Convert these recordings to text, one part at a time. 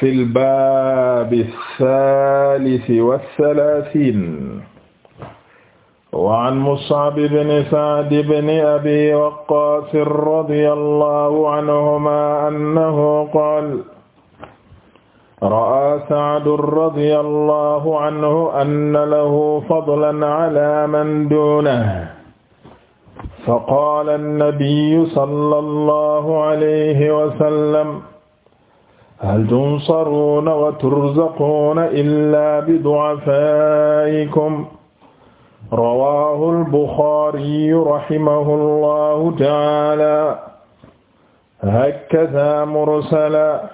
fil baabi saalisi wa salaasiin wa an Mus'ab ibn Sa'd ibn Abi Waqqaas radiyallahu anhumaa annahu qaala ra'aa Sa'd radiyallahu anhu anna lahu fadlan alaa man duunahu faqaala an-nabiyyu sallallahu alayhi wa sallam hal tunsaruuna wa turzaquuna illaa bidu'afaa'ikum rawaahu al-Buxaariyu rahimahullaahu ta'aalaa hakazaa mursalan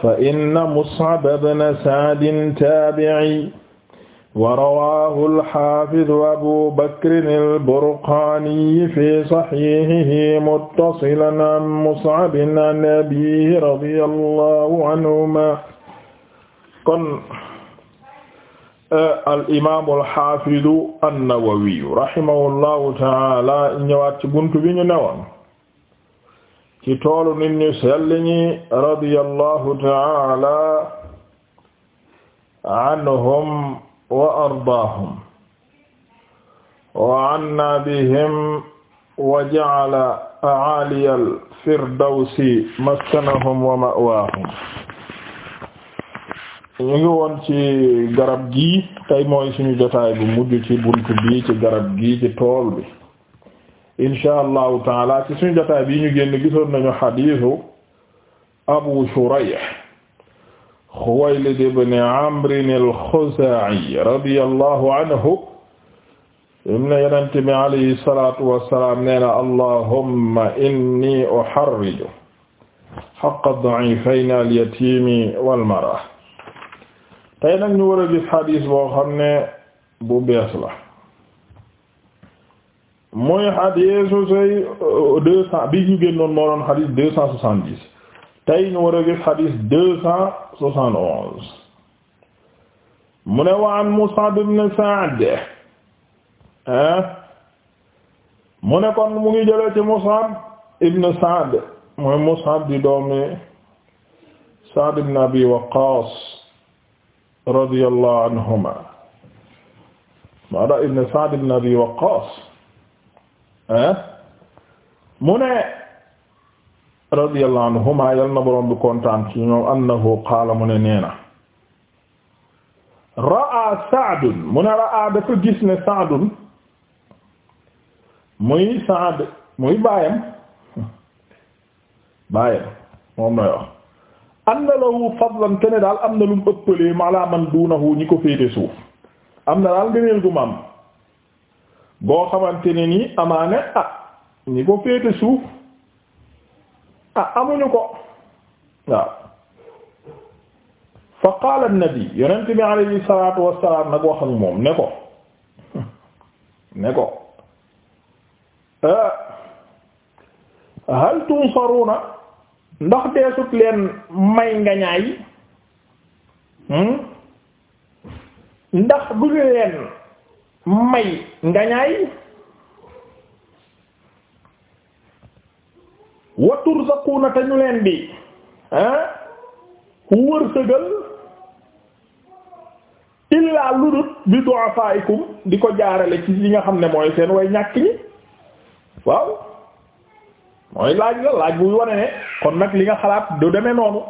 fa inna Mus'ab ibn Sa'd taabi'i wa rawaahu al-haafidu abu bakrin al-burqaani fi sahiihihi muttasilan an mus'ab an abiihi radiyallahu anhumaa kon al-imaamu al-haafidu an-nawawiyu rahimahullahu ta'aala ñëwaat ci buntu bi ñu newoon ci toolu nit ñu sell ñi radiyallahu ta'aala anhum wa ardaahum wa anna bihim wa ja'ala a'aaliya al-firdawsi maskanahum wa ma'waahum ñu ngi ci garab gi tey mooy suñu jotaay bi mujj ci bunt bi ci garab gii ci tool bi insha allahu taala ci suñu jotaay bi ñu génn gisoon nañu xadiisu Abu Shurayh Xuwaylid ibn Amr al-Xuzaa'i radiyallahu anhu im ne Yonent bi alayhi salaatu wa salaam nee na allahumma inni uharriju haqqa ad-da'iifayni al-yatiimi wal-mar'a. Tey nag ñu war a gis xadis boo xam ne bu bees la muy xadisu euh, say deux cent bi ñu génnoon moo doon xadis deux cent soixante-dix tey ñu war a gis xadis deux cent soixante onze mu ne waan Mus'ab ibn Sa'd ah, mu ne kon mu ngi jëlee ci Mus'ab ibn Sa'd mooy Mus'ab di doomi Sa'd ibn Abi Waqqas radiyallahu anhuma maada ibn Sa'd ibn Abi Waqqas ah, mu ne radiyallahu anhuma yal na boroom bi kontaan ci ñoom annahu qaala mu ne nee na raa saadun mu ne raa dafa gis ne saadun muy saad muy baayam baayam moom na wax am na lahu fadlan kene daal am na lu mu ëppalee ala man duunahu ñi ko féete suuf am na daal ngëneel gu ma goo xamante ne amaane ah ñi ko féete suuf ah amuñu ko waaw fa qaala an-nabi yonent bi alayhi salaatu nag wax moom ne ko ne ko ah, hal tunsaruna ndax deesut leen may nga ñaay hmm? ndax duñu leen may nga wa turzaquuna te ñu leen di ah wërsëgal illaa ludut bi du'afaikum di ko jaarale ci li nga xam ne mooy seen way ñàkk ñi waaw mooy laaj la laaj buy wane ne kon nag li nga xalaat du demee noonu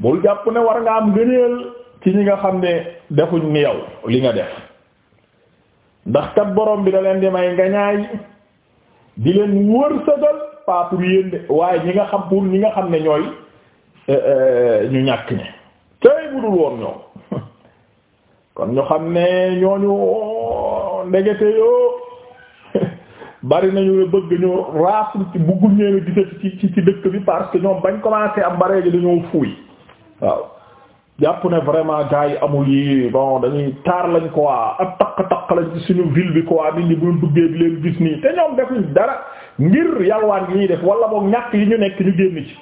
bul jàpp ne war nga am gëneel ci ñi nga xam ne defuñ ni yow li nga def ndax kat borom bi da leen di may ngañaay di leen wërsëgal pas pour yéen de waaye ñi nga xam pour ñi nga xam ne ñooy euh, euh, ñu ñàkk ñi tey budul woon ñoom kon ñu xam ne ñooñu ndegete yoo bari nañu bëgg ñu raasul ci bugguñ leen gisati ci ci dëkk bi parce que ñoom bañ commencé am bareegi dañoo fuuy waaw jàpp ne vraiment gars yi amul yi bon dañuy taar lañ quoi ak takk-takk lañ suñu ville bi quoi nit ñi bu ñu duggee di leen gis nii te ñoom defuñ dara ngir yalwaan gi ñuy def wala boog ñàkk yi ñu nekk ñu génn ci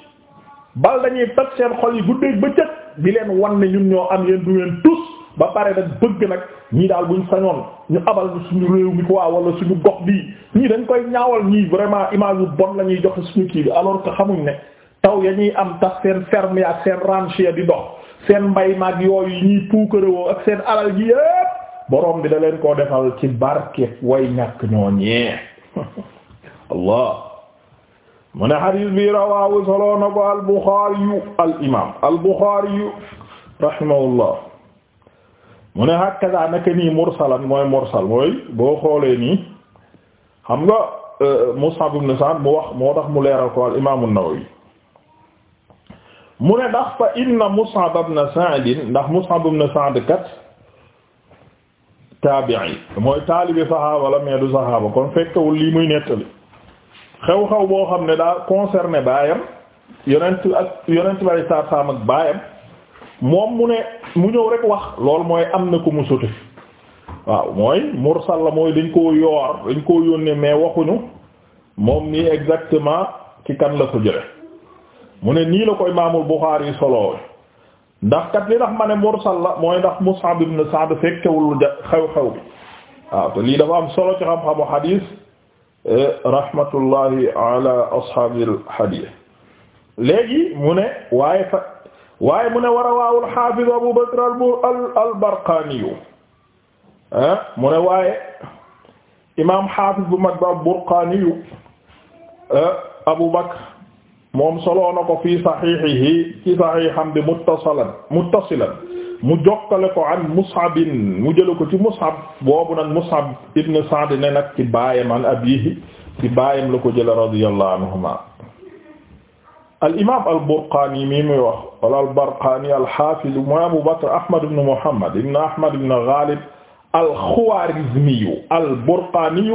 bal dañuy toj seen xol yi guddeeg ba cët di leen wan ne ñun ñoo am yéen du ngeen tus ba pare nag bëgg nag ñii daal buñ sañoon ñu abal suñu réew mi quoi wala suñu gox bii ñii dañ koy ñaawal ñii vraiment image bu bon la ñuy joxe suñu kii xamuñ ne taw ya ñuy am tax seen ak seen ranch ya di seen mbay maag yooyu ñuy puukarewoo ak seen alal ji yépp borom bi da leen koo defal ci barke way ñàkk ñooñee allah mu ne xadiis bi rawaawu soloo ko al buxaariyu al imaam mu ne hakkadaa naka nii mursalan mooy mursal mooy boo xoolee nii xam nga euh, Mus'ab ibn Sa'd mu wax moo tax mu leeral ko al nawawi mu ne ndax fa inna Mus'ab ibn Sa'd ndax Mus'ab ibn Sa'd kat taabi'i mooy taalibi saxaaba la mais du saxaaba kon fekkewul lii muy nettali xew-xew boo xam ne daa concerné baayam yonent ak yonent bari saam ak baayam moom mu ne mu ñëw rek wax loolu mooy am na ku mu soti waaw mooy mursal la mooy dañ koo yoor dañ koo yónnee mais waxuñu moom nii exactement ci kan la ko jële mu ne nii la ko imaamul Buxaari solo ndax kat li tax ma ne mursal la mooy ndax Mus'ab ibn Sa'd fekkewul xew-xew bi waaw te lii dafa am solo ci xam-xamu xadiis rahmatullahi ala ashaabil xadiis léegi mu ne waaye mu ne war a waawul xaafiz Abu Bakr al-Barqaaniyu ah, mu ne waaye imaam xaafiz bu mag ah, Abu Bakr moom soloo na ko fii saxiixihi ci saxiixam bi muttasalan muttasilan mu jokkale ko an Mus'ab mu jële ko ci Mus'ab boobu nag Mus'ab ibn Sa'd ne nag ci baayam an abiihi ci baayam la ko jële radiyallahu anhuma al imaam al Burqaani mii muy wax wala al Barqaani al haafiz mooy Abu Bakr Ahmad ibn Muhammad ibn Ahmad ibn Ghalib al Khawaarizmi al Burqaani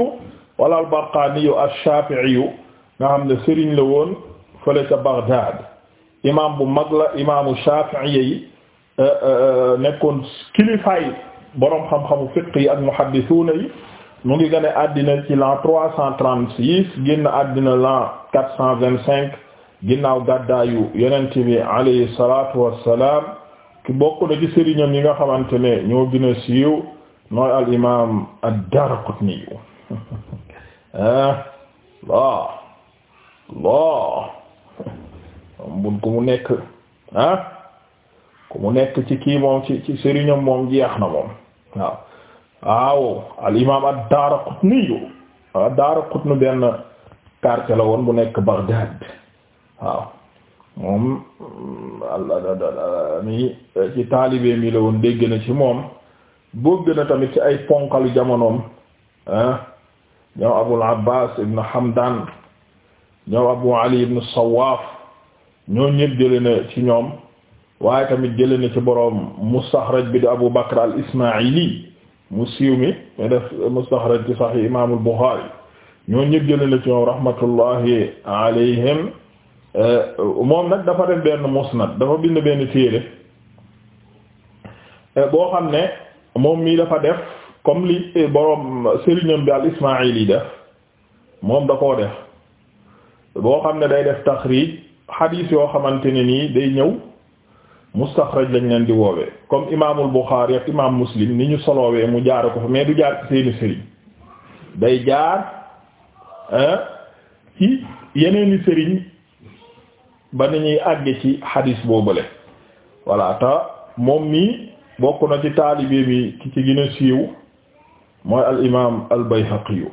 wala al Barqaani al Shaafi'i nga xam ne sëriñ la woon fële Baghdad imaam bu mag la imaamu Shafi'i yi euh, euh, euh, nekkoon kilifaay boroom xam-xamu fiqh yi mu ngi gane àddina ci l'an trois cent trente àddina l'an quatre cent vingt-cinq ginnaaw gàddaayu yonent bi alayhi salaatu wassalaam ki bokk na ci yi nga xamante ne ñoo gën a siiw nooy al imaam ad-Daraqutni ah Allah moom bun ku mu nekk ah ku mu nekk ci kii moom ci ci sëriñam moom jeex na moom waaw waaw al imam ad-Daraqutni ad-Daraqutni benn quartier la woon bu nekk Baghdad waaw moom mi ci taalibe mi la woon dégg na ci moom bëgg na tamit ci ay ponkalu jamonoom ah ñoom Abul Abbas ibn Hamdan ñoom Abu Ali ibn Sawwaaf ñoo ñëpp jële na ci ñoom waaye tamit jële na ci boroom mustaxraj bi di Abu Bakr al-Ismaa'ili mu siiw mi te def mustaxraj ci Sahih Imaam al-Buxaari ñoo ñëpp jële na ci ñoom rahmatullahi alayhim eh, moom nag dafa def benn musnad dafa bind benn téere eh, boo xam ne moom mii dafa def comme li eh, boroom sëriñam bi al-Ismaa'ili def moom da koo def boo xam ne day def taxrij xadiis yoo xamante ne nii day ñëw mustaxraj lañ leen di woowee comme imaamul Buxaari ak imaam Muslim ni ñu soloowee mu jaare ko fa mais du jaar ci seeni sëriñ day jaar ci yeneeni sëriñ ba ni ñuy àgge ci xadiis boobule voilà te moom mii bokk na ci taalibe bi ki ci gën siiw mooy al imaam al Bayhaqi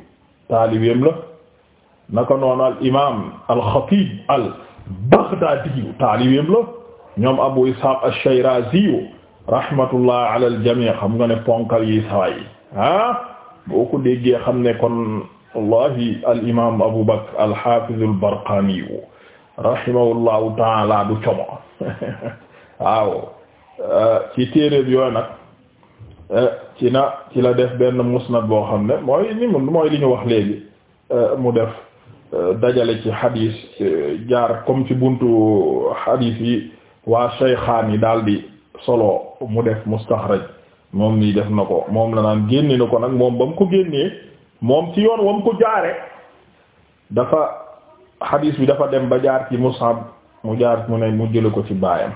taalibeem la naka noonu al imaam al xatiib al baghdaadiyu taalibeem la ñoom abu ishaaq ash-shiraaziyu rahmatullah al xam nga ne ponkal ah, xam ne kon wallahi al imaam abu bakr al haafiz al barqaaniyu rahimahullahu du como eh, ci téereeb yooyu nag eh, ci na ci la def benn musnad boo xam ne mooy ni mooy li ñu wax léegi eh, mu def dajale ci xadis jaar comme ci buntu xadis yi waa shaykhaan yi daal di solo mu def mustaxraj moom nii def na ko moom la naan génne na ko nag moom ba mu ko génnee moom ci yoon wam ko jaare dafa xadis bi dafa dem ba jaar ci Mus'ab mu jaar mu ne mu jële ko ci baayam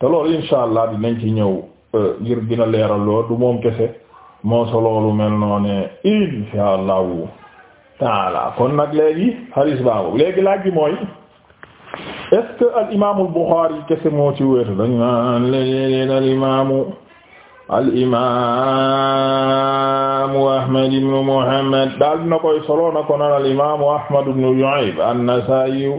te loolu insha allah dinañ ci ñëw euh, ngir dina a leeral lool du moom kese moo solo lu mel noonu insha allahu voilà kon nag léegi xaris baabu léegi laaj bi mooy est al imaamul Buxaari kese moo ci wér dañ al imaamu al imaamu Ahmad ibnu Muhammad daal dina koy solo na ko naan al imaamu Ahmad ibnu Shuayb an-Nasaa'i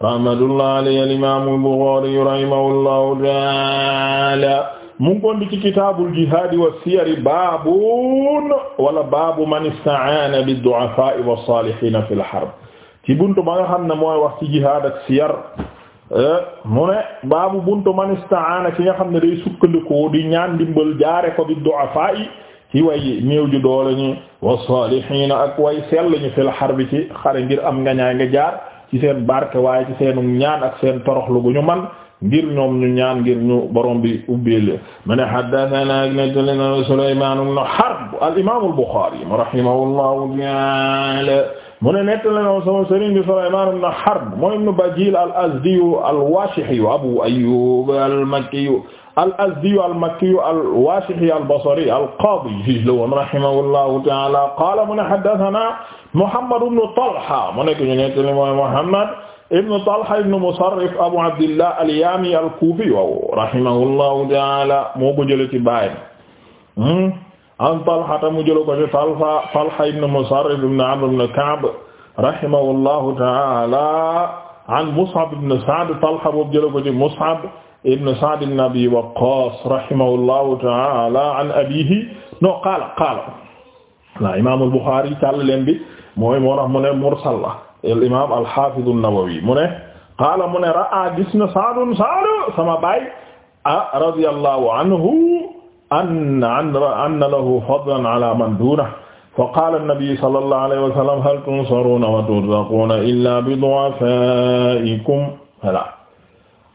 rahmatullahi alayhi al imaamu al Buxaari rahimahullahu ta'ala mu ngi koon di ci kitaabul jihaadi wa siyari baabun wala baabu man ista'aana bi du'afaa'i wa saalihiina fil harb ci buntu ba nga xam ne mooy wax ci jihaad ak siyar eh, mu ne baabu buntu man ista'aana ki nga xam ne day sukkandiku di ñaan dimbal jaare ko bi du'afaa'i ki way néew ju doole ñi wa saalihiina ak way sell ñi fil harb ci xare ngir am nga ñaay nga jaar ci seen barke waaye ci seenu ñaan ak seen toroxlu gu ñu man ngir ñoom ñu ñaan ngir ñu borom bi ubbeele man haddathana ibn Sulayman ibn Harb al-imam al-Bukhari rahimahullahu ta'ala mu ne nettali na sama sëriñ bi Sulaymaan ibn Harb mooy ibn Bajiil al-Azdi al-Waashihi Abu Ayyuub al-Makki al-Azdi al-Makki al-Waashihi al-Basri al-Qaadi la woon rahimahullahu ta'ala qaala mu ne haddathanaa Muhammad ibn Talha mu nekk ñu nettali mooy Muhammad ibnu Talha ibnu Musarrif Abu Abdillah al-Yami al-Kufi waaw rahimahullahu ta'ala moo ko jëlee ci baay hmm? an Talha mu jëlee ko ci Talha Talha ibnu Musarrif ibnu Amr ibnu Ka'b rahimahullahu ta'ala an Mus'ab ibnu Sa'd Talha moo jëlee ko ci Mus'ab ibnu Sa'd ibnu Abi Waqqas rahimahullahu ta'ala an abiihi no qaala qaala la Imaam al-Bukhari tàll leen bi mooy moo tax mu ne mursal la al imaam al haafiz an-Nawawi mu ne qaala mu ne raa gis na Saadun Saadu sama baay ah radiyallahu anhu an anna lahu fadlan ala man duunahu fa qaala an-nabiyyu sallallahu alayhi wa sallam hal tunsaruuna wa turzaquuna illaa bi du'afaa'ikum voilà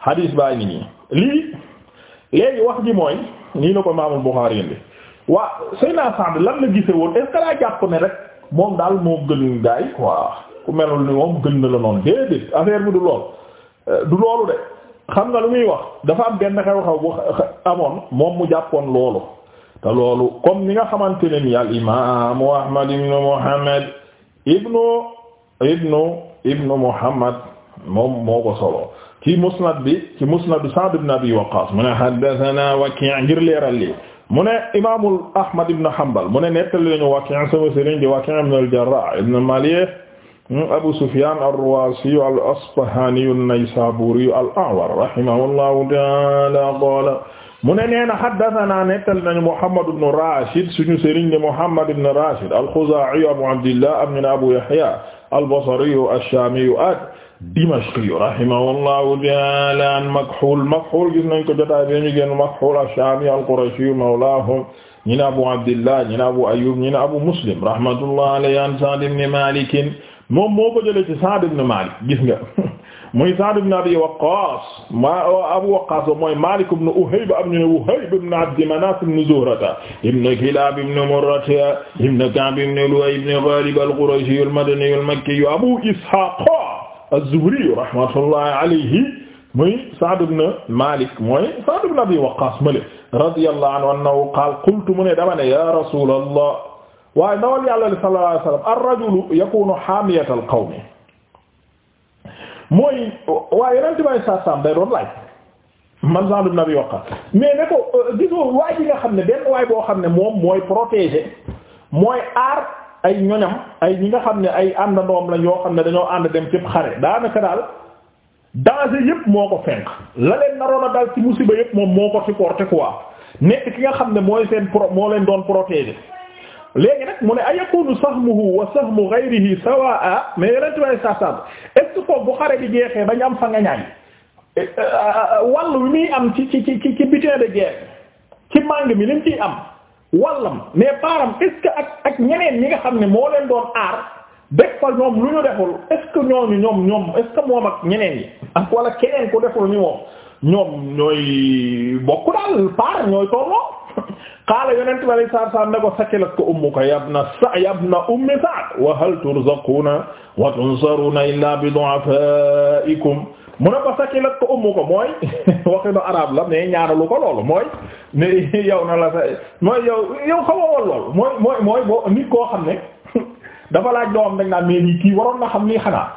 hadis baa ngi nii lii léegi wax ji mooy nii la ko Imaamul Buxaari indi waa Seydina Saad lan la gisee woon est ce que laa jàpp ne rek moom daal moo gën gaay quoi ku melul ni moom gën na la noonu déedéet affaire bi du lool euh, du loolu de xam nga lu muy wax dafa am benn xew amoon moom mu jàppoon loolu te loolu comme ni nga xamante ne ni al imaamu Ahmad ibnu Muhammad ibnu ibnu ibnu Muhammad moom moo ko solo musnad bi ci musnad Sa'd ibn Abi Waqqas mu ne haddathana Waki' ngir leeral lii mu ne imaamul Ahmad ibn Hanbal mu ne nettali lañu Waki' sama sëriñ di Waki' ibn al ibn Malih Hmm, Abu Sufyan ar-Ruwasi al-Asbahani an-Naysaburi al-A'war rahimahullahu ta'ala qala mu ne nee na haddathana nettali nañu Muhammad ibn Rashid suñu sëriñ de Muhammad ibn Rashid al-Khuza'i Abu Abdillah ibn Abu Yahya al-Basri ash-Shami ad-Dimashqi rahimahullahu ta'ala Makhul Makhul gis nañ ko jotaay bi ñu génn Makhul ash-Shami al-Qurashi mawlahum ñi na Abu Abdillah ñi na Abu Ayyub ñi na Abu Muslim rahmatullahi alayhi an Sa'd ibn Malik moom moo ko jëlee ci Sa'd ibn Malik gis nga muy Sa'd ibn Abi Waqqas ma Abu Waqqas mooy Malik ibn Uhayb am ñu ne Uhayb ibn Abd Manaf ibn Zuhrata ibn Kilab ibn Murrata ibn Ka'b ibn Lu'ay ibn Ghalib al-Qurashi al-Madani al-Makki Abu Ishaq az-Zuhri rahmatullahi alayhi muy Sa'd ibn Malik mooy Sa'd ibn Abi Waqqas male radiyallahu anhu annahu qaala qultu mu ne dama ne ya Rasulullah waaye ndawal yàlla li sallallahu alayhi wasallam ar-rajulu yakunu hamiyatal qawmi mooy waaye yeneen may saa saam day doon laaj man Sa'd ibn Abi Waqqas mais ne ko euh, gisoo waay bi nga xam ne benn waay boo xam ne moom mooy protéger mooy aar ay ñoñam ay ñi nga xam ne ay ànd àndandoom lañ yoo xam ne dañoo ànd dem cëpp xare daanaka daal danger yépp moo ko fenk la leen naroon a daal ci musiba yépp moom moo ko supporté quoi nekk ki nga xam ne mooy seen pro moo leen doon protéger. léegi nag mu ne a yakunu sahmuhu wa sahmu ghayrihi sawaa mais yeneen tubaab yi saa saa est bu xare bi jeexee ba am fa nga ñaay euh, euh, wàll wi muy am ci ci ci ci butin de guerre ci màng mi lim ciy am wallam mais paaram est ak ak ñeneen ñi nga xam ne moo leen doon aar. dëkk fa ñoom lu ñu deful est ñoo ni ñoom ñoom est moom ak ñeneen yi ak wala keneen ku deful ni moom ñoom ñooy bokk daal par ñooy tolloo qaala yonent bi alayhi salaatu salaam ne ko sakilat ko ummuka yabna sa yabna ummi Sa'd wa hal turzaquuna wa tunsaruuna illaa bi du'afaa'ikum mu ne ko sakilat ko ummuka mooy waxinu arab la mais ñaanalu ko loolu mooy ne la sa mooy yow yow xaw a woon loolu mooy mooy mooy boo nit koo xam ne dafa laaj doo am dañ naa mais kii waroon na xam ni xanaa.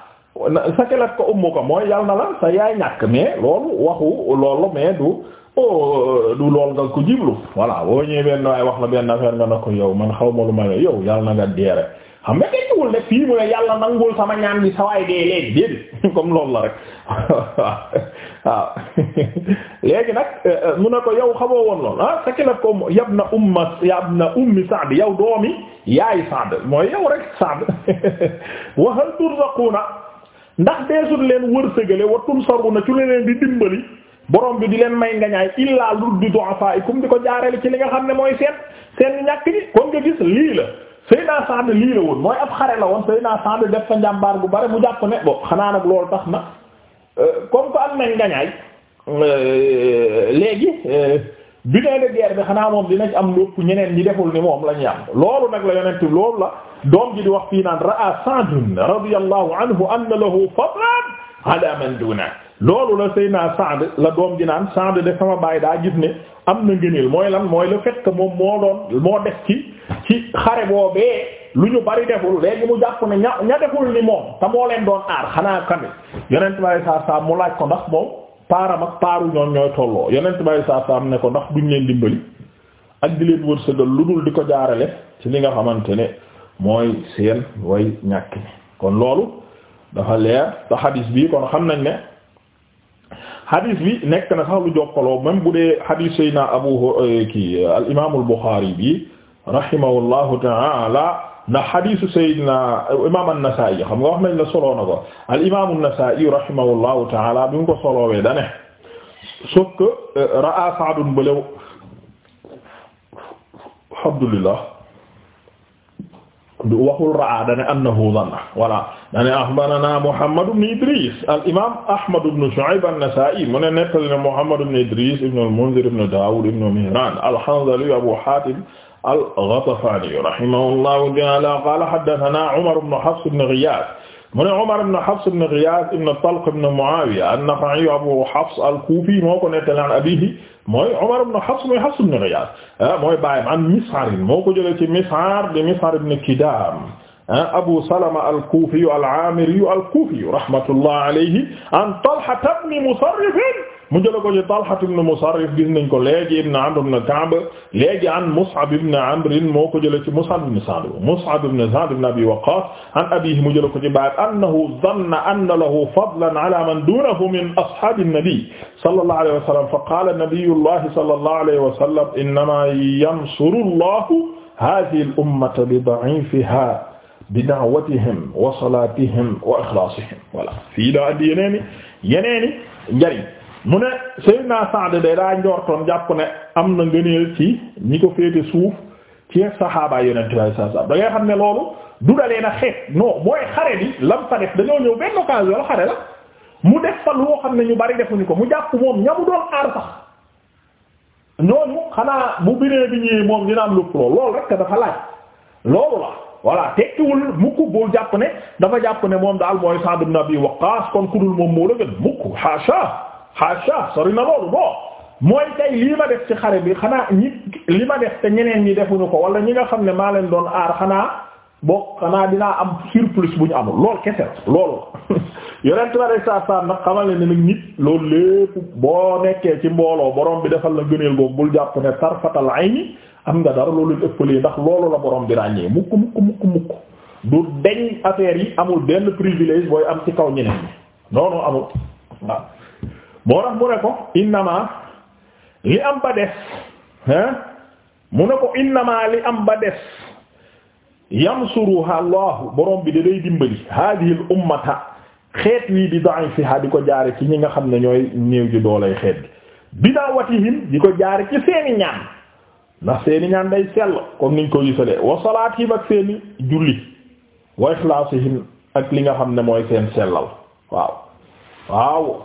sakilat ko ko mooy yal na la sa yaay ñàkk mais loolu waxu loolu mais du. oh du lool nga ko jiblu voilà boo ñëwee benn waaye wax la benn affaire nga ne ko yow man xaw ma lu ma yow yàlla na nga deere xam nga tekkiwul ne fii mu ne yàlla nangul sama ñaan bi sawaay dee léegi déedéet comme loolu la rek waaw léegi nag euh, euh, mun ne ko yow xamoo woon lool ah sakilat ko yab na umma yab na ummi Sa'd yow doomi yaay Sa'd mooy yow rek Sa'd wa hal turzaquna ndax deesut leen wërsëgale wa tunsaruna ci leen di dimbali borom bi di leen may ngañaay illaa lu di du'afaa'ikum di ko jaarale ci li nga xam ne mooy seen seen ñàkk gi kon nga gis lii la Seydina Sa'd lii la woon mooy ab xare la woon Seydina Sa'd def fa njàmbaar bu bare mu jàpp ne bon xanaa nag loolu tax na euh, comme que am nañ ngañaay euh, léegi euh, butin de guerre bi xanaa moom dinañ am lépp ñeneen ñi deful la ñu am loolu nag la yonent loolu la doom ji di wax fii naan ra'a Sa'd radiyallahu anhu anna lahu fadlan ala man dunahu loolu la naa Saad la doom ji naan Saad de sama baay daa gis ne am na ngëneel mooy lan mooy le fait que moom moo doon moo def ci ci xare boobee lu ñu bari deful léegi mu jàpp ne ña deful ni moom te moo leen doon aar xanaa kane yonent bi alayhi salaam mu laaj ko ndax moom paaram ak paaru ñoom ñooy tolloo yonent bi alayhi salaam ne ko ndax duñ leen dimbali ak di leen wërsëgal lu dul di ko jaarale ci li nga xamante ne mooy seen way ñàkk kon dafa leer te bi kon xam nañ ne. hadith bi nekk na sax lu jokkaloo même bu dee hadith sayna abu euh, kii euh, al imaamul buxaari bi rahimahullahu ta'ala na hadith sayna euh, imaam an-Nasaa'i xam nga wax nañ la solo na ko al imaam an-Nasaa'i rahimahullahu ta'ala bi mu ko solowee da ne sauf que ra'a Sa'd bële alhamdulillah waxul raa dane annahu zanna voilà dane akhbarana Muhammad ibn Idris al imam Ahmad ibn Shu'ayb an-Nasa'i mu ne nettali ne Muhammad ibn Idris ibn al-Munzir ibn Dawud ibn Mihran al-Hanzali Abu Hatim al-Ghatafani rahimahullahu ta'ala qala haddathana Umar ibn Hafs ibn Ghiyath mu ne Umar ibn Hafs ibn Ghiyath ibn Talq ibn Muawiya an-Nakha'i Abu Hafs al-Kufi moo ko nettali an abiihi mooy Umar ibn Hafs mooy Hafs ibn Ghiyath ah, mooy baayam an Mis'ar moo ko jëlee ci Mis'ar di Mis'ar ibn Kidam ah, Abu Salama al-Kufi al-Amiri al-Kufi rahmatullah alayhi an Talha ibn Musarrif mu jëla ko ci Talha ibn Musarrif gis nañ ko léegi ibn Amr ibn Ka'b léegi an Mus'ab ibn Amr moo ko jëlee ci Mus'ab ibn Sa'd Mus'ab ibn Sa'd ibn Abi Waqqas an abiihi mu jëla ko ci baay annahu dhanna anna lahu fadlan ala man dunahu min ashaabi an-nabi sallallahu alayhi wa sallam fa qaala nabiyyullahi sallallahu alayhi wa sallam innama yansuru Allahu haadhihi al-ummata bi da'ifiha bi da'watihim wa salatihim wa ikhlasihim voilà fii daa andi yeneeni yeneeni njariñ mu ne Seydina Saad de daa njortoon jàpp ne am na ngëneel ci ñi ko féete suuf ci saxaaba yonent bi sallallahu alayhi wasallam da xam ne loolu du dalee na xeet non mooy xare bi lam fa def dañoo ñëw benn occasion la xare la mu def fa loo xam ne ñu bari defuñu ko mu jàpp moom ñamu doon aar sax ñooñu xanaa bu biree bi ñëwee moom dina am lu pro loolu rek dafa laaj loolu la voilà tekkiwul mukk boo jàpp ne dafa jàpp ne moom daal mooy Sa'd ibn Abi Waqqas kon ku dul la gën mukk xaasa sori na loolu bon mooy tey lii ma def ci xare bi xanaa ñi li ma def te ñeneen ñi defuñu ko wala ñi nga xam ne maa leen doon aar xanaa boo xanaa dinaa am surplus bu ñu amul loolu kese la loolu yonent la rek saa saa nag xamal ne nag nit loolu lépp boo nekkee ci mbooloo borom bi defal la gëneel boobu bul jàpp ne tarfatal ayni am nga dara loolu ëppalee ndax loolu la boroom bi ràññee mukk mukk mukk mukk du deñ affaire yi amul benn privilège booy am ci kaw ñeneen moo tax mu ne ko innama li am ba des hein mu ne ko innama li am ba des yamsuruha allahu borom bi da day dimbali hadihi al ummata xeet wii bi da'ifiha di ko jaare ci ñi nga xam ne ñooy néew ji doolay xeet bi bidawatihim di ko jaare ci seeni ñaan ndax seeni ñaan day sell comme niñ ko gisale wa salaatihim ak seeni julli wa ixlaasihim ak li nga xam ne mooy seen sellal waaw waaw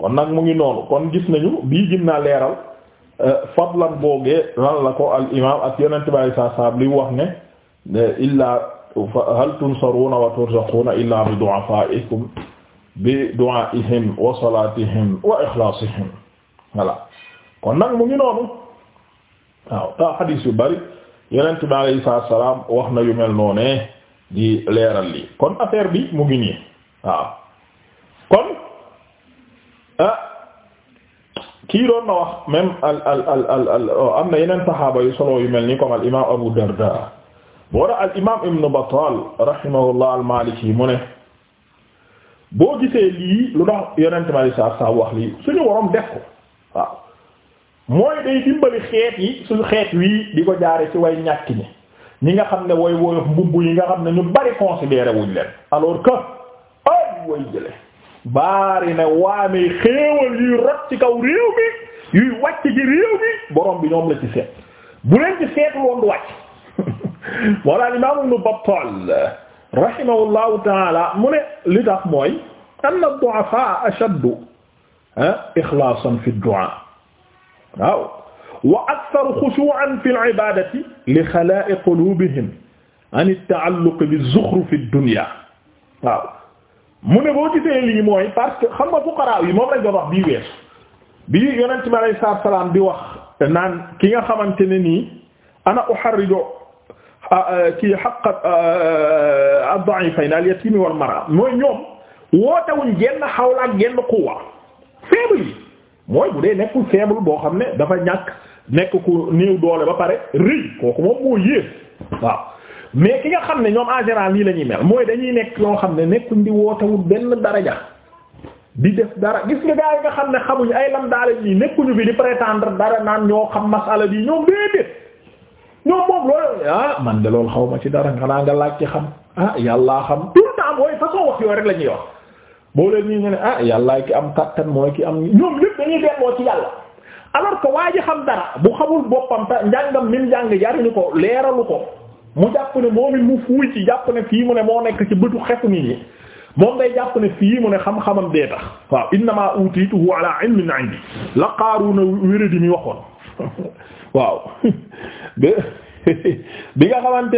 kon nag mu ngi noonu kon gis nañu bii gën naa leeral euh, fadlan boogee lan la ko al imaam ak yonent bi saa saa liy wax ne illaa hal tunsaruna wa turzaquna illaa bi du'afaikum bi du'aihim wa salatihim wa ixlaasihim voilà kon nag mu ngi noonu waaw taa xadiis yu bari yonent bi alayhi salaam wax na yu mel noonee di leeral lii kon affaire bi mu ngi nii waaw kii doon na wax même al al al al oh, am na yeneen saxaaba yu solo yu mel ni comme al imaam Abu Darda boo tax al imaam Ibn Battal rahimahullah al Maliki mu ne boo gisee lii lu tax yonent ma li saa wax lii suñu waroon def ko mooy day dimbali xeet yi suñu xeet wii di ko jaare ci way ñàkk ñi ñi nga xam ne way woyof mbubb yi nga xam ne ñu bari considéré wuñ leen alors que ay way jële baari na waamee xéewal yuy rot ci kaw réew mi yuy wàcc ci réew mi borom bi ñoom la ci seet bu leen ci seet woon du wàcc walla al-imaam Ibn Battal rahimahullahu taala mu ne li tax mooy anna ad-du'afaa ashaddu ah, ikhlaasan fi ad-du'aa waaw wa aktharu khushuu'an fi al-ibaadati li khalaa'i quluubihim an at-ta'alluq bi-zuxrufi ad-dunyaa waaw mu ne boo gisee lii mooy parce que xam nga fuqaraa yi moom lañ doon wax bii weesu bii yonent bi alayhi salaatu salaam di wax naan ki nga xamante ne nii ana uharridu kii haqqa ad-da'ifayn al-yatiimi wal mar'a mooy ñoom wootewuñ genn xawla ak genn quwwa faible yi mooy bu dee nekkul faible boo xam ne dafa ñàkk nekk ku néew doole ba pare rëy kooku moom moo yées waaw. mais ki nga xam ne ñoom en général nii la ñuy mel mooy dañuy nekk yoo xam ne nekkuñ di wootewul benn daraja di def dara gis nga gaa nga xam ne xamuñ ay lam daala ñii nekkuñu bi di prétendre dara naan ñoo xam masala bi ñoom déedéet ñoom moom loolu ah man de loolu xaw ma ci dara xanaa nga laaj ci xam ah yàllaa xam tout le temps mooy façon wax yooyu rek la ñuy wax boo leen nii ñu ne ah yàllaa ki am kattan mooy ki am ñoom lépp dañuy delloo ci yàlla alors waa ji xam dara bu xamul boppam te njàngam min njàng ko leeralu ko mu jàpp ne moom it mu fuuy ci jàpp ne fii mu ne moo nekk ci bëtu xefu nit ñi moom day jàpp ne fii mu ne xam-xamam dee tax waaw innama utiituhu ala ilmin indi la qaaruuna wéradi mi waxoon waaw bi nga xamante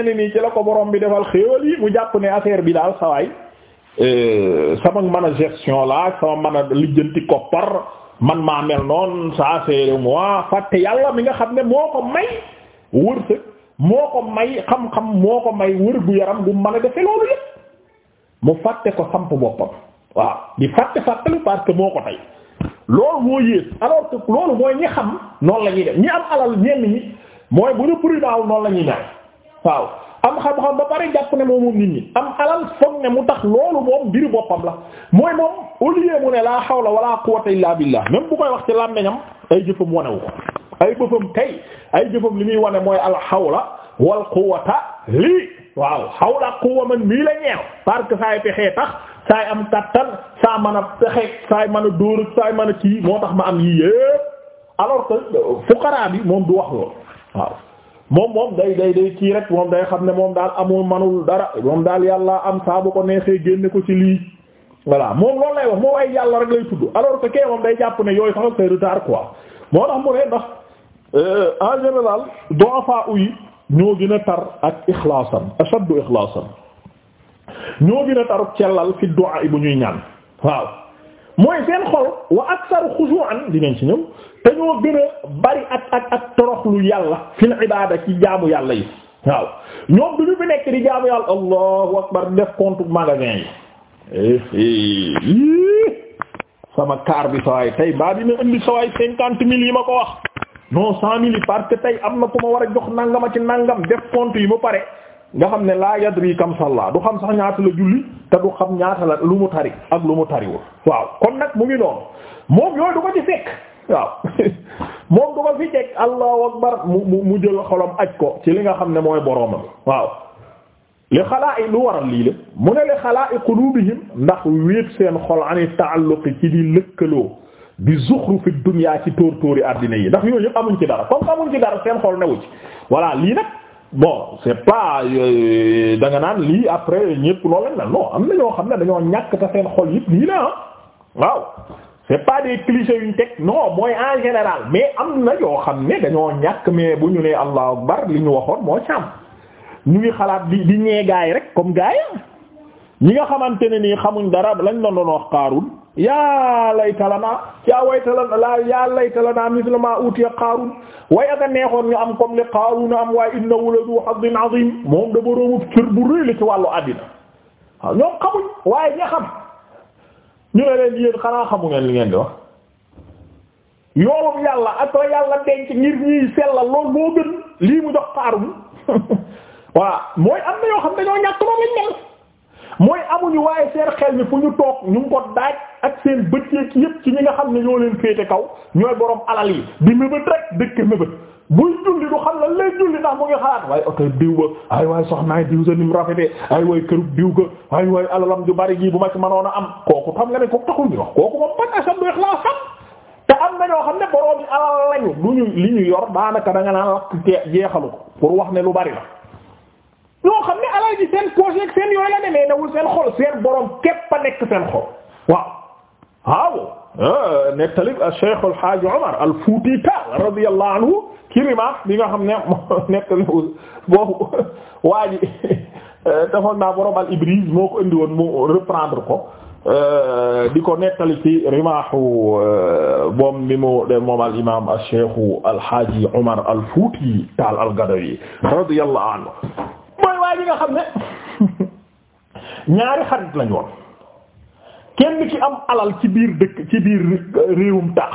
ko borom bi defal mu jàpp ne affaire bi daal sawaay euh, sama mën a gestion la sama mën a lijjanti koppar man maa mel noonu ça c'est moi fàtte yàlla mi nga xam ne moo ko may wërsëg moo ko may xam-xam moo ko may wër gu yaram gu mën a defe loolu yëpp mu fàtte ko samp boppam waaw di fàtte fàttali parce que moo ko tey loolu moo yées alors que loolu mooy ñi xam noonu la ñuy def ñi am alal ñenn ñi mooy bu ñu prudent noonu la ñuy naan waaw am xam-xam ba bari jàpp ne moom moom nit ñi am alal foog ne mu tax loolu moom mbiri boppam la mooy moom au lieu mu ne laa hawla wala quwwata illa billah même bu koy wax ci làmmiñam ay jëfam wanewu ko ay bëfam kay ay jëfam li muy wane mooy alxawla wal quwwata lii waaw xawla quwwa man mii la ñeew parce que saay pexee tax saay am kattan saa mën a pexe saay man a dóor saay man a kii moo tax ma am yii yépp alors que euh, fuqaraa bi moom du wax loolu waaw moom moom day day day kii rek moom day xam ne moom daal amul manul dara moom daal yàlla am saa ko neexee génne ko ci lii voilà moom loolu lay wax moo ay yàlla rek lay tudd alors que kee moom day jàpp ne yooyu sax c'est Euh, en général du'afa yi ñoo gën a tar ak ixlaasan ashaddu ixlaasan ñoo gën a taru cellal fi du'a yi bu ñuy ñaan waaw mooy seen xol wa aksaru xusu'an dinañ ci ñëw te bari ak ak ak toroxlu yàlla fil ibaada ci jaamu yàlla yi waaw ñoom du ñu fi nekk di jaamu yàlla allahu akbar def compte magasin yi eh, eh, sama bi sawaay tey mbaa dina indi sawaay cinquante mille yi ma ko wax non cent mille parce que tey am na ku ma war a jox nangama ci nangam def compte yi mu pare nga xam ne laa yadri kam salla du xam sax ñaata la julli te du xam ñaata la lu mu tari ak lu mu tariwul waaw kon nag mu ngi noonu moom yooyu du ko ci fekk waaw moom du ko fi fekk allahu akbar mu mu jël xolom aj ko ci li nga xam ne mooy boroomam waaw li xalaa'i lu waral lii la mu ne li xalaa'i qulubihim ndax wéet seen xol ani taalluqi ci lëkkaloo bi zuxrufi dunya ci tóor tóori àddina yi ndax yooyu yëpp amuñ ci dara comme amuñ ci dara seen xol newu ci voilà lii nag bon c'est pas euh, da naan lii après ñépp loolu lañ am na ñoo xam ne dañoo ñàkk te yëpp lii la ah waaw c'est pas des clichés mooy en général mais am na yoo xam ne dañoo ñàkk mais bu ñu nee allahu akbar li ñu waxoon moo ci am di di ñee gaay rek comme gaay ñi nga xamante ne nii xamuñ dara lañ la doon yaa laytalanaa yaa waytalanaa laa yaa laytalanaa misla maa Qaaruun waaye ak neexoon ñu am comme li Qaaruun am waaye innahu la du hazzin moom da boroomu cër bu rëy ci wàllu àddina waaw ñoom xamuñ waaye ña xam ñu ne leen yéen xanaa xamu ngeen li ngeen di wax yoolum yàlla ak la yàlla denc ngir sellal loolu moo gën lii mu jox Qaaruun voilà mooy am na yoo xam dañoo ñàkk moom lañ mel mooy amuñu waaye seen xel mi fu ñu toog ñu ngi ko daaj ak seen bëccëg yépp ci ñi nga xam ne ñoo leen féete kaw ñooy borom alal yi di mébét rek dëkk mébét buy julli du xam na lay julli ndax mu ngi xalaat waaye oto diw ba ay waay soxnaay diw sa nim rafete ay waay kërub diw ga ay waay alalam ju bari gii bu ma ci mënoon a am kooku xam nga ne ko taxul ñu wax kooku moom ban asam weex laa xam te am na ñoo xam ne borom alal lañu lu ñu li ñu yor daanaka nga naan lakk jeexalu ko pour wax ne lu bari ñoo xam ne alal ji seen poche ak seen yooyu la demee newul seen xol seen borom képp nekk seen xol waaw waaw euh, nettali euh, Cheikh El Hadj Omar Al Fouti Tall radiyallahu anhu kirima bi nga xam ne nettali boobu euh, naa borom al Ibriz moo ko indi woon mu reprendre ko di ko nettali ci rimaaxu boom bi mu de moom al imaam al Cheikh Al Hadj Omar Al Fouti Tall al Gadawi radiyallahu waa ji nga xam ne ñaari xarit lañu woon kenn ci am alal ci biir dëkk ci biir réewum taax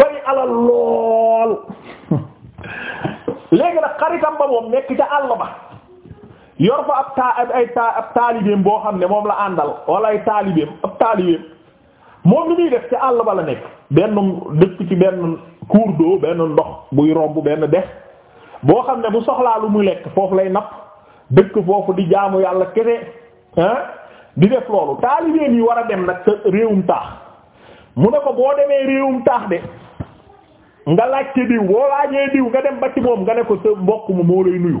bari alal lool léegi nag xaritam ba moom nekk ca àll ba yor fa ab taalibeem boo xam ne moom la àndal wala ay taalibeem ab taalibeem moom li muy def ca àll ba la nekk benn dëkk ci benn cours d'eau benn ndox buy romb benn dex boo xam ne bu soxlaa lu muy lekk foofu lay napp dëkk foofu di jaamu yàlla kese di def loolu taalibeen yi war a dem nag réewum taax mu ne ko boo demee réewum taax de nga laajte diw boo laajee diw nga dem ba ci moom nga ne ko sa mbokk mu moo lay nuyu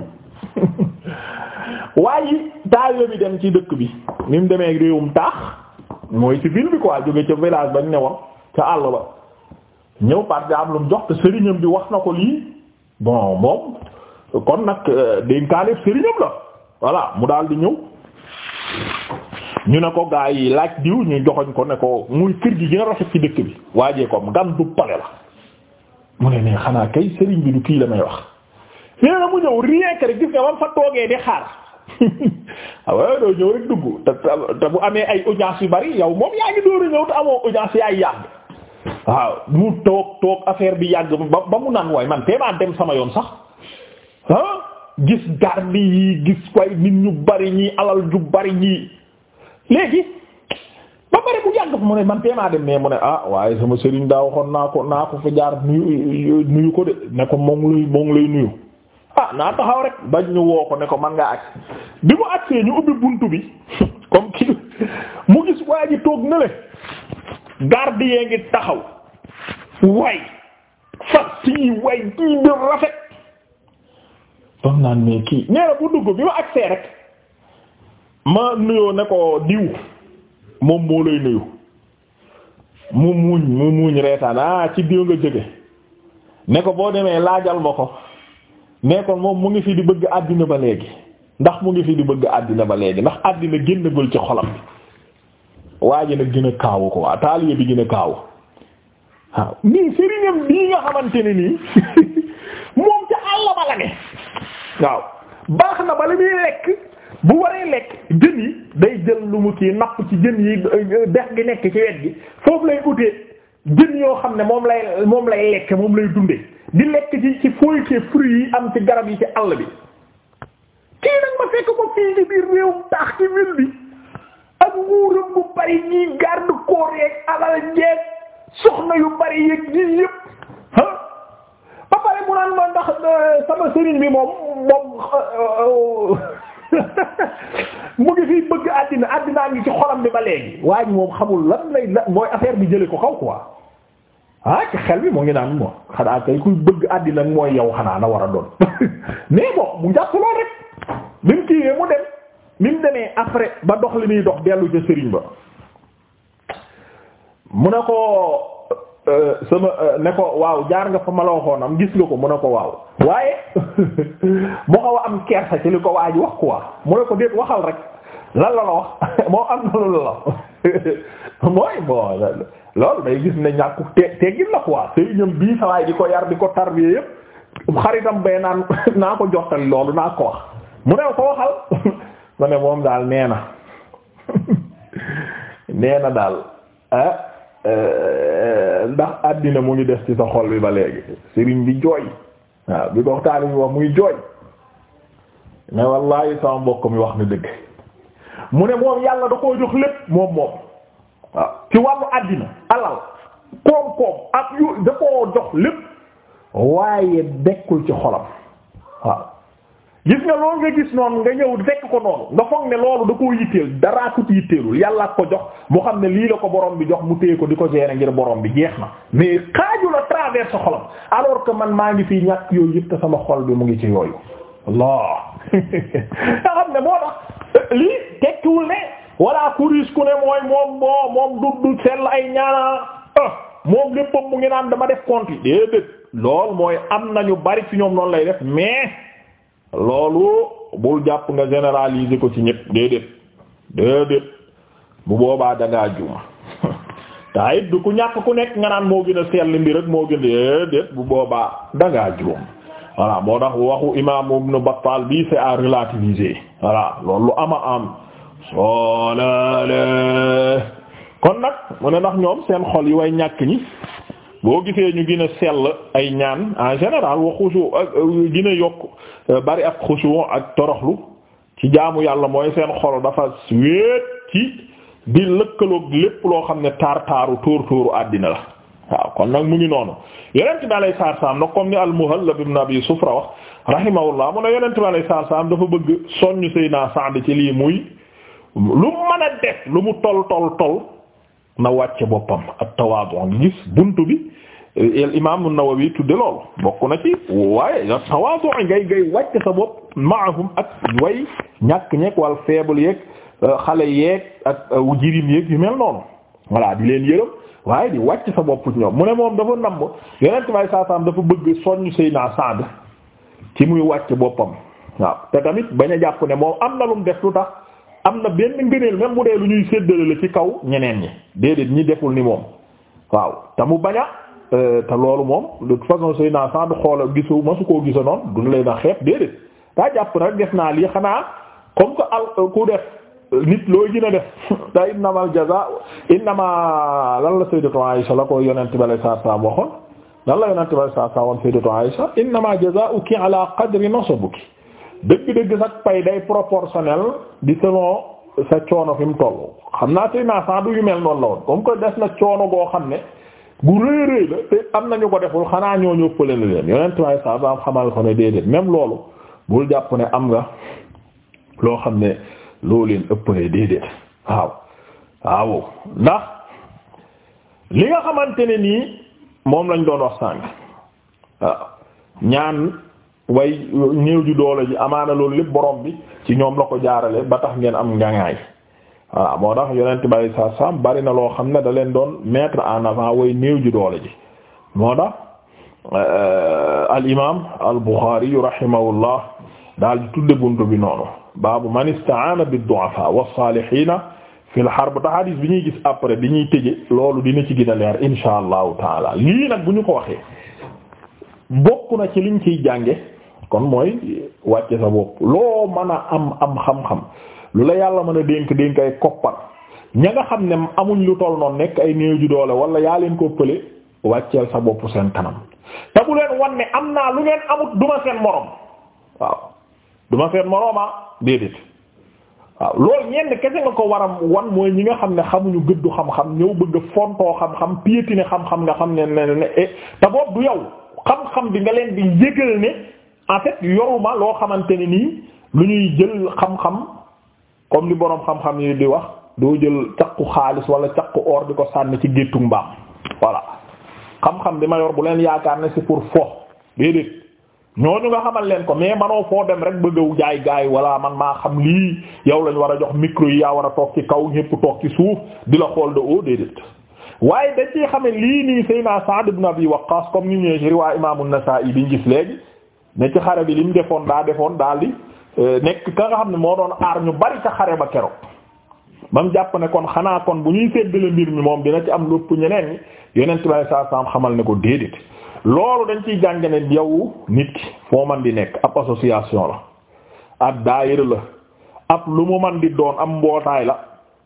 waaye taalibe bi dem ci dëkk bi ni mu demee réewum taax mooy ci ville bi a jóge ca village bañ ne woon ca àll ba ñëw par lu mu jox te sëriñam bi wax na ko lii bon moom kon nag euh, dénkaane sëriñam la voilà mu daal di ñëw ñu ne ko gaa yi laaj diw ñu joxoñ ko ne ko muy kër gi gën a rafet ci dëkk bi waajee ko gan du pale la mu ne ne xanaa kay sëriñ bi du kii la may wax nee na mu ñëw rien nga bam fa toogee di xaar waaw ah te te bu amee ay audience yu bari yow moom yaa ngi dóor a ñëw te amoo audience ay yàgg waaw mu toog toog affaire bi yàgg ba ba mu naan waay man teemaa dem sama yoon sax ah gis garde yi gis koy nit ñu bari ñii alal ju bari ñii léegi ba bari bu yàgg mu ne man teemaa dem mais mu ne ah waaye sama sëriñ daa waxoon naa naa ko fa jaar lay nuyu ah naa taxaw rek bañ ñu woo ko ne ko man ngaa agsi bi mu agsee ñu ubbi buntu bi comme ki mu gis waa toog na le garde yee ngi taxaw way fas yi way dii dem rafet doon naan mais kii nee na bu dugg bi ma agsee rek ma nuyoo ne ko diw moom moo lay nuyu mu muuñ mu muuñ reetaan ah ci diw nga jóge ne ko boo demee laajal ma ko ne ko moom mu ngi fi di bëgg àddina ba léegi ndax mu ngi fi di bëgg àddina ba léegi ndax àddina génnagul ci xolam waa ji nag gën a kaawu ko waa taalibe bi gën a kaawu waaw nii sëriñam bii nga xamante ne nii moom ca àll ba la ne waaw baax na ba la muy lekk bu waree lekk jën yi day jël lu mu kii napp ci jën yi dex gi nekk ci wet gi foofu lay utee jën yoo xam ne moom lay moom lay lekk moom lay dundee di lekk ci ci fooyte fruits yi am ci garab yi ci àll bi kii nag ma fekk ko fii ci biir réew taax ci ville bi ak nguuram bu bari ñii garde corps yeeg alal jeeg soxna yu bari yëg yëpp ba pare mu naan ma ndax euh, sama sëriñ bi moom moom euh, mu ngi fiy bëgg àddina àddinaa ngi ci xolam bi ba léegi waaye moom xamul lan lay lan mooy affaire bi jële ko kaw quoi ah ci xel bi moo ngi naan moom xanaa kay kuy bëgg àddina mooy yow xanaa na war a doon mais bon mu jàpp lool rek bi mu kiiwee mu dem bi demee après ba dox li muy dox dellu ca sëriñ ba mu ne ko euh, euh, sama euh, ne ko waaw jaar nga fa ma la waxoon am gis nga ko mu ne ko waaw waaye mu xaw a am kersa ci li ko waa ji wax mu ne ko déet waxal rek lan la la wax moo am na lu la mooy bon loolu day gis ne ñàkku te teggin la quoi sëy ñëm bii sawaay di ko yar di ko tarbiya yépp xaritam bay naan naa ko jottali loolu naa ko wax mu ne ko waxal mu ne moom daal nee na nee na daal ah, Euh, ndax àddina mu ngi des ci sa xol bi ba léegi sëriñ bi jooy waaw bi ko taali bi wax muy jooy ne wallaahi sama mbokk mi wax na dëgg mu ne moom yàlla da koo jox lépp moom moom waaw ci wàllu àddina alal koom-koom ak yu da koo jox lépp waaye dekkul ci xolam waaw gis nga loolu nga gis noonu nga ñëw fekk ko noonu nga foog ne loolu da koo yitteel daraa ko yitteelul yàlla ko jox moo xam ne lii la ko borom bi jox mu téye ko di ko gérer ngir borom bi jeex na mais xaaju la traverse xolam alors que man maa ngi fii ñàkk yooyu yëpp te sama xol bi mu ngi ci yooyu Allah nga xam ne moo tax lii ku ne mooy moom moo moom dudd sell ay ñaana ah, moo léppam mu ngi naan dama def compte yi lool mooy am na ñu bari ci ñoom noonu lay def mais loolu bul jàpp nga généraliser ko ci ñëpp déedéet déedéet bu boobaa dangaa juma te du ku ñàkk ku nekk nga naan moo gën a sell mbir rek moo gën déedéet bu boobaa dangaa juma voilà moo tax waxu imaam Ibn Battal bi c'est à relativiser voilà loolu ama am soo kon nag mu ne ndax ñoom seen xol yi way ñàkk ñi boo gisee ñu gën a sell ay ñaan en général wa xushu ak euh, gën yokk euh, bari ak xushu ak toroxlu ci jaamu yàlla mooy seen xol dafa wéet ci di lëkkaloog lépp loo xam ne taar taaru tóor tóoru àddina la waaw kon nag mu ngi noonu yonent bi alayhi salaatu salaam nag comme ni al-Muhallab ibn Abi Sufra wax rahimahullah mu ne yonent bi alayhi salaatu salaam dafa bëgg soññ Seydina Sa'd ci lii muy lu mën a def lu mu tol tol tol na wàcce boppam ak tawaadu gis buntu bi al imam an-Nawawi tudde loolu bokk na ci waaye a tawaadu ngay ngay wàcce sa bopp maahum ak way ñàkk ñeeg wal faible yeeg euh, xale yeeg ak euh, jirim yeeg yu mel noonu voilà di leen yërëm waaye di wàcc sa bopp ñoom mu ne moom dafa namb yeneen may saasaam dafa bëgg soññ Seydina Saad ci muy wàcc boppam waaw te tamit bañ a jàpp ne moom am na lu mu def lu tax am na benn ngëneel même bu dee lu ñuy séddale la ci kaw ñeneen ñi déedéet ñi deful ni moom waaw te mu bañ a euh, te loolu moom de toute façon sëy naa sax du xoola gisu ma su koo gisa noonu duñu lay na xeeb déedéet daa jàpp rek def naa lii xanaa comme que al euh, ku def euh, nit looy gën a def da innamal jaza innama lan la sayyidatu Aisha la ko yonent bale saa saa waxoon lan la yonent bale saa saa woon sayyidatu Aisha innama jazaa'uki ala qadri nasabuki dëgg-dëgg sax pay day proportionnel di selon sa coono fi mu xam naa tey naa du yu mel noon la woon comme que des na coono goo xam ne bu rëy rëy la te am na ñu ko deful xanaa ñoo ñëw pële leen yonent waaye saa ba xamal ko ne déedéet même loolu jàpp ne am nga loo xam ne loo leen waaw waaw ndax li nga xamante ni moom lañ doon wax sànq waaw ñaan way néew ju doole ji amaana loolu lépp borom bi ci ñoom la ko jaarale ba tax ngeen am ngaŋaay voilà moo tax yonent bàyyi saa saam bari na loo xam ne da leen doon mettre en avant way néew ji doole ji moo tax euh, al imaam al Buxaari rahimahullah daal di tudde buntu bi noonu baabu man ista'aana bi du'afaa wa saalihiina fil harb ta hadis bi ñuy gis après bi ñuy tëje loolu dina ci gina leer insha allahu taala lii nag bu ñu ko waxee bokk na ci liñ ciy jànge kon mooy wàcce sa bopp loo mën a am am xam-xam lu la yàlla mën a dénk dénk ay koppar ña nga xam ne amuñ lu toll noonu nekk ay néew ju doole wala yaa leen ko pële wàcceel sa bopp seen kanam te bu leen wan ne am naa lu ngeen amut duma seen moroom waaw duma seen moroma ah déedéet waaw loolu ñenn kese nga ko waram wan mooy ñi nga xam ne xamuñu gëddu xam-xam ñëw bëgg fontoo xam-xam piétiner xam-xam nga xam ne ne ne e te boobu du yow xam-xam bi nga leen en fait yoruma loo xamante ne nii lu ñuy jël xam-xam comme li boroom xam-xam yi di wax doo jël caqu xaalis wala caqu or di ko sànni ci géttu mbaam voilà xam-xam di ma yor bu leen yaakaar ne c'est pour fo déedéet ñu nga xamal leen ko mais manoo foo dem rek bëggaw jaay gaay wala man maa xam lii yow lañ war a jox micro yi yaa war a toog ci kaw ñépp toog ci suuf di la xool de haut déedéet waaye dañ ciy xame lii nii Seydina Sa'd ibn Abi Waqqas comme ni ñëwee ci riwaa Imam An-Nasa'i biñ gis léegi ne ci xare bi li mu defoon daa defoon daal di euh, nekk ka nga xam ne moo doon aar ñu bari ca xare ba keroog ba mu jàpp ne kon xanaa kon bu ñuy séddale mbir mi moom dina ci am lépp ñeneen ñi yeneen tubaab saa saam xamal ne ko déedéet loolu dañ ciy jàng ne yow nit ki foo man di nekk ab association la ab daayira la ab lu mu man di doon am mbootaay la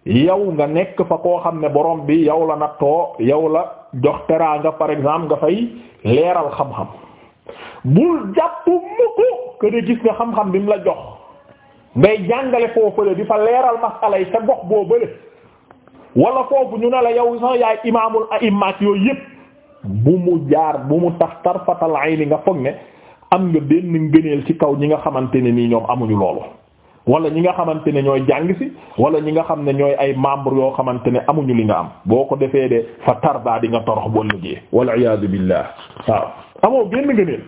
yow nga nekk fa koo xam ne borom bi yow la nattoo yow la jox teraanga par exemple nga fay leeral xam-xam. bul jàpp mukk que de gis nga xam-xam bi mu la jox ngay jàngale foofale di fa leeral masala yi sa gox boo bële wala foofu ñu ne la yow sax yaay imaamul a'immat yooyu yépp bu mu jaar bu mu tax tarfatal ayni nga foog ne am nga benn ngëneel ci kaw ñi nga xamante ne nii ñoom amuñu loolu wala ñi nga xamante ne ñooy jàng si wala ñi nga xam ne ñooy ay membre yoo xamante ne amuñu li nga am boo ko defee de fa tarda di nga torox boo liggéey wal iyaadu billah amoo génn ngëneel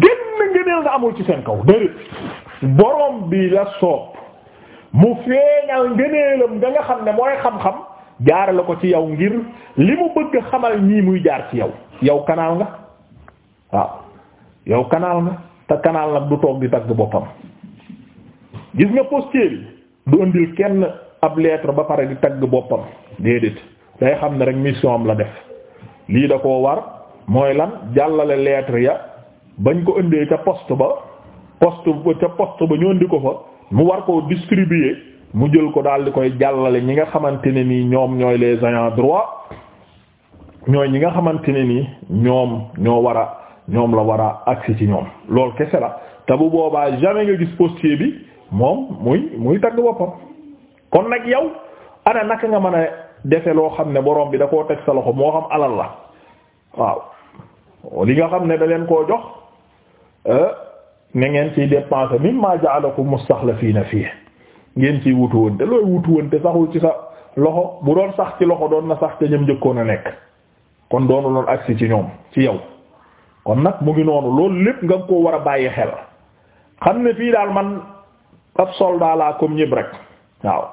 génn ngëneel nga amul ci seen kaw déedéet borom bi la soob mu feeñal ngëneelam nga nga xam ne mooy xam-xam jaare la ko ci yaw ngir li mu bëgg xamal ñii muy jaar ci yow yow kanaal nga waaw yow kanaal nga te kanaal nag du toog di tagg boppam gis nga postier bi du indil kenn ab leetre ba pare di tagg boppam déedéet day xam ne rek mission am la def lii da koo war mooy lan jàllale lettre ya bañ ko indee ca post ba poste ba ca poste ba ñu indi ko fa mu war koo distribuer mu jël ko daal di koy jàllale ñi nga xamante ne nii ñoom ñooy les ayants droit ñooy ñi nga xamante ne nii ñoom ñoo war a ñoom la war a agsi ci ñoom loolu kese la te bu boobaa jamais nga gis postier bi moom muy muy tagg boppam kon nag yow ana naka nga mën a defe loo xam ne borom bi da koo teg sa loxo moo xam alal la waaw li nga xam ne da leen koo jox euh, ne ngeen ciy dépenser mimma ja'alakum mustaxlafiina fiihi ngeen ciy wutu woon te looy wutu woon te saxul ci sa loxo bu doon sax ci loxo doon na sax te ñoom njëkkoon a nekk kon doonu loon agsi ci ñoom ci yow kon nag mu ngi noonu loolu lépp nga koo war a bàyyi xel xam ne fii daal man ab soldat laa comme ñëpp rek waaw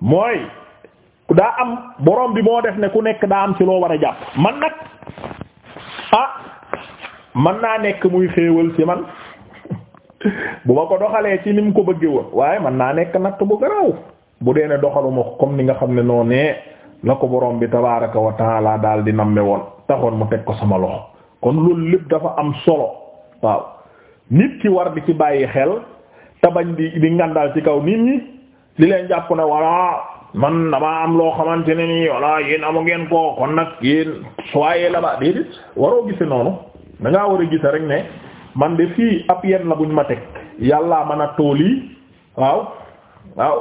mooy daa am borom bi moo def ne ku nekk daa am ci loo war a jàpp man nag ah man naa nekk muy xéewal ci man bu ma ko doxalee ci ni ko bëggee woon waaye man naa nekk nag bu garaaw bu dee ne doxaluma comme ni nga xam ne noonee la ko borom bi tabaaraka wa taala daal di namme woon taxoon mu teg ko sama loxo kon loolu lépp dafa am solo waaw nit ki war di ci bàyyi xel te bañ di di ngandal ci kaw nit ñi li leen jàpp ne walla man damaa am loo xamante ne nii voilà yéen amu ngeen ko kon nag yéen soyez là-bas déedéet waroo gise noonu danga war a gise rek ne man de fii ab yen la buñ ma teg yàlla man a tool yi waaw waaw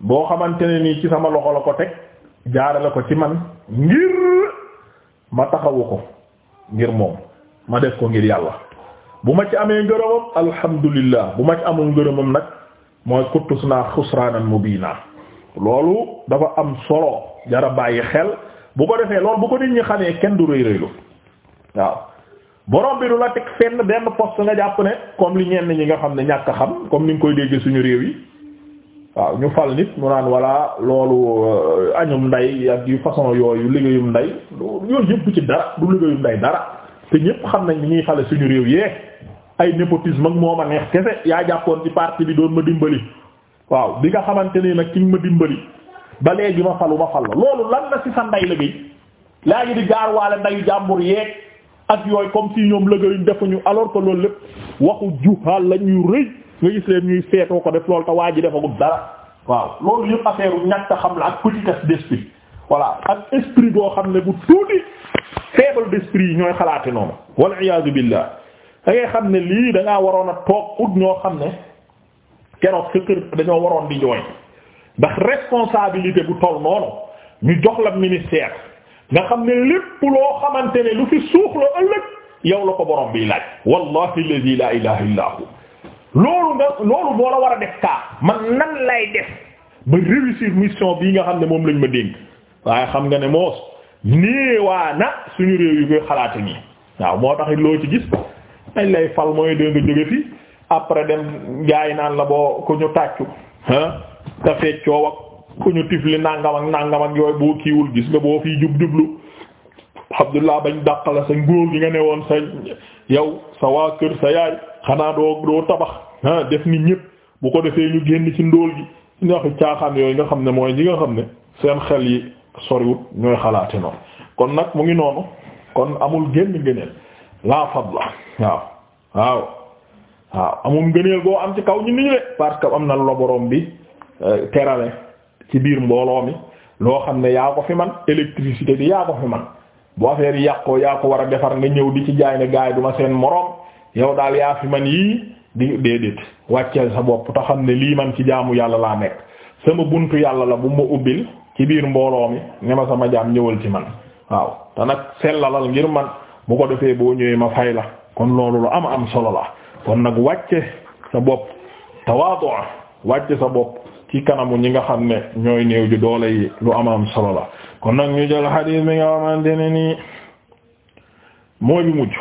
boo xamante ne nii ci sama loxo la ko teg la ko ci man ngir ma taxawu ko ngir moom ma def ko ngir yàlla bu ma ci amee ngërëmam alhamdulillah bu ma ci amul ngërëmam nag mooy kuttus naa xusraanan mubiinaa loolu dafa am solo jara bàyyi xel bu ko defee loolu bu ko nit ñi xamee kenn du rëy rëylu waaw borom bi du la fenn benn poste nga jàpp ne comme li ñenn ñi nga xam ne ñàkk xam comme ni nga koy dégg suñu réew yi waaw ñu fal nit mu naan walla loolu euh, añum nday ak yu façon yooyu liggéeyum nday yooyu yëpp ci dara du liggéeyum nday dara te ñëpp xam nañ ni ñuy xale suñu réew yee ay népotisme ak moo ma neex kese yaa jàppoon ci parti bi doon ma dimbali waaw bi nga xamante ni nag ki ma dimbali ba léegi ma falu ma fal la loolu lan la ci sa nday liggéey laa ngi di gaar waale ndayu jàmbur yeeg ak yooyu comme si ñoom lëgëriñ ñu alors que loolu lépp waxu juhaal la ñuy rëy nga gis leen ñuy seetoo ko def loolu te waa ji defagul dara waaw loolu yëpp affaire u xam la ak petitesse d'esprit voilà ak esprit boo xam ne bu tuuti faible d'esprit yi ñooy xalaate noonu wal iyaadu billah da ngay xam ne lii dangaa waroon a ñoo xam ne keroog sa kër dañoo waroon di jooy ndax responsabilité bu toll noonu ñu jox la ministère nga xam ne lépp loo xamante ne lu fi suux la ëllëg yow la ko borom bi laaj wallahi la ilaha illa hu loolu nga loolu moo la war a def kaa man nan lay def ba réussir mission bii nga xam ne moom lañ ma dénk waaye xam nga ne moos néewaana suñu réew yi koy xalaata nii waaw moo tax loo ci gis dañ lay fal mooy dégg jóge fii après dem gaay naan la boo ku ñu tàccu ah te feccoo ak ku ñu tifli nangam ak ak yooyu boo kiiwul gis nga boo fii jub jublu Abdullah bañ dàqala sa nguur gi nga ne woon sa yow sa waa kër sa yaay xanaa doo doo tabax ah def ni ñépp bu ko defee ñu génn ci ndóol gi ndax caaxaan yooyu nga xam ne mooy ñi nga xam ne seen xel yi soriwut ñooy xalaate noonu kon nag mu ngi noonu kon amul génn ngëneel laa fadla waaw waaw waaw amum gëneel goo am ci kaw ñu nit ñi de parce que am na la borom bi euh, terale ci biir mbooloo mi loo xam ne yaa ko fi man électricité bi yaa ko fi man boo affaire yàqoo yaa ko war a defar nga ñëw di ci jaay ne gaay duma seen moroom yow daal yaa fi man yii di déedéet wàcceel sa bopp te xam ne lii man ci jaamu yàlla laa nekk sama buntu yàlla la bu ma ubbil ci biir mbooloo mi ne ma sama jaam ñëwal ci man waaw te nag sellalal ngir man bu ko defee boo ñëwee ma fay kon loolu lu am am solo la kon nag wàcce sa bopp tawaadu wàcce sa bopp ci kanamu ñi nga xam ne ñooy néew ju doole yi lu amaam solo la kon nag ñu jël xadiis bi nga xamante ne nii mooy bi mujj